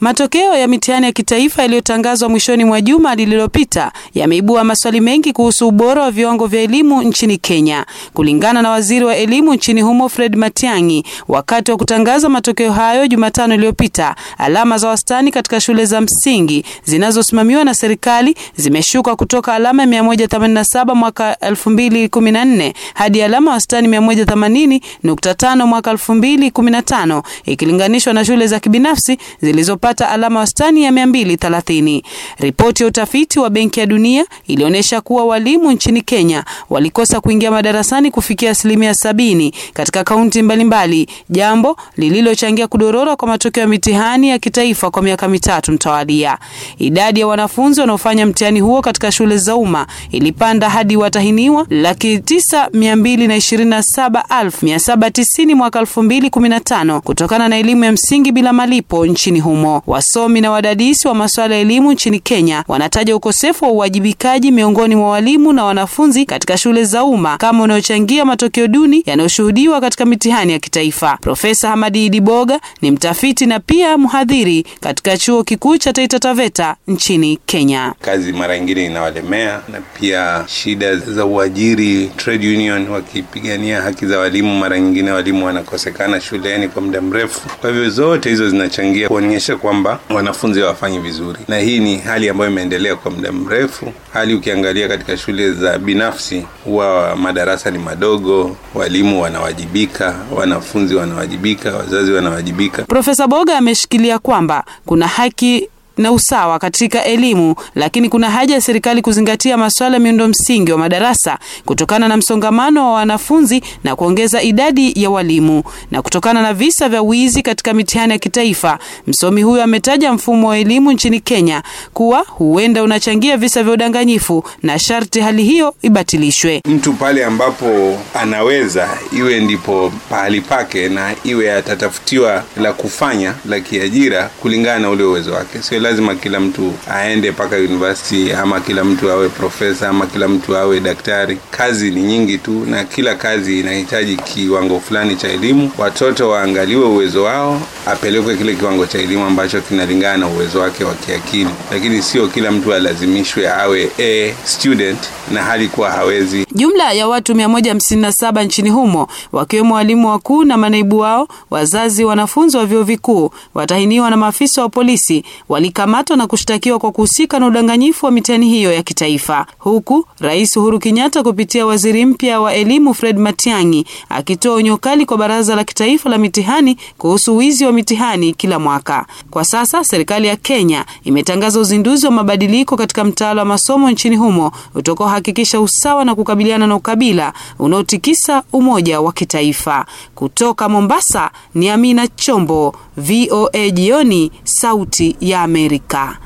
Matokeo ya mitihani ya kitaifa yaliyotangazwa mwishoni mwa juma lililopita yameibua maswali mengi kuhusu ubora wa viwango vya elimu nchini Kenya. Kulingana na waziri wa elimu nchini humo Fred Matiang'i, wakati wa kutangaza matokeo hayo Jumatano iliyopita, alama za wastani katika shule za msingi zinazosimamiwa na serikali zimeshuka kutoka alama 187 mwaka 2014 hadi alama wastani 180.5 mwaka 2015 ikilinganishwa na shule za kibinafsi zilizo walipata alama wastani ya 230. Ripoti ya utafiti wa Benki ya Dunia ilionyesha kuwa walimu nchini Kenya walikosa kuingia madarasani kufikia asilimia sabini katika kaunti mbalimbali, jambo lililochangia kudorora kwa matokeo ya mitihani ya kitaifa kwa miaka mitatu mtawalia. Idadi ya wanafunzi wanaofanya mtihani huo katika shule za umma ilipanda hadi watahiniwa laki tisa na saba tisini mwaka elfu mbili kutokana na elimu ya msingi bila malipo nchini humo. Wasomi na wadadisi wa masuala ya elimu nchini Kenya wanataja ukosefu wa uwajibikaji miongoni mwa walimu na wanafunzi katika shule za umma kama unayochangia matokeo duni yanayoshuhudiwa katika mitihani ya kitaifa. Profesa Hamadi Diboga ni mtafiti na pia mhadhiri katika chuo kikuu cha Taita Taveta nchini Kenya. Kazi mara nyingine inawalemea na pia shida za uajiri, trade union wakipigania haki za walimu, mara nyingine walimu wanakosekana shuleni kwa muda mrefu. Kwa hivyo zote hizo zinachangia kuonyesha kwamba wanafunzi hawafanyi vizuri, na hii ni hali ambayo imeendelea kwa muda mrefu. Hali ukiangalia katika shule za binafsi huwa madarasa ni madogo, walimu wanawajibika, wanafunzi wanawajibika, wazazi wanawajibika. Profesa Boga ameshikilia kwamba kuna haki na usawa katika elimu, lakini kuna haja ya serikali kuzingatia masuala ya miundo msingi wa madarasa kutokana na msongamano wa wanafunzi na kuongeza idadi ya walimu. Na kutokana na visa vya wizi katika mitihani ya kitaifa, msomi huyo ametaja mfumo wa elimu nchini Kenya kuwa huenda unachangia visa vya udanganyifu na sharti hali hiyo ibatilishwe. Mtu pale ambapo anaweza iwe ndipo pahali pake na iwe atatafutiwa la kufanya la kiajira kulingana na ule uwezo wake, sio lazima kila mtu aende mpaka university ama kila mtu awe profesa ama kila mtu awe daktari. Kazi ni nyingi tu, na kila kazi inahitaji kiwango fulani cha elimu. Watoto waangaliwe uwezo wao, apelekwe kile kiwango cha elimu ambacho kinalingana na uwezo wake wa kiakili, lakini sio kila mtu alazimishwe awe a student na hali kuwa hawezi. Jumla ya watu 157 nchini humo wakiwemo walimu wakuu na manaibu wao, wazazi, wanafunzi wa vyuo vikuu, watahiniwa na maafisa wa polisi wali amekamatwa na kushtakiwa kwa kuhusika na udanganyifu wa mitihani hiyo ya kitaifa, huku Rais Uhuru Kenyatta kupitia waziri mpya wa elimu Fred Matiang'i akitoa onyo kali kwa Baraza la Kitaifa la Mitihani kuhusu wizi wa mitihani kila mwaka. Kwa sasa serikali ya Kenya imetangaza uzinduzi wa mabadiliko katika mtaala wa masomo nchini humo utakaohakikisha usawa na kukabiliana na ukabila unaotikisa umoja wa kitaifa. Kutoka Mombasa ni Amina Chombo. VOA Jioni, Sauti ya Amerika.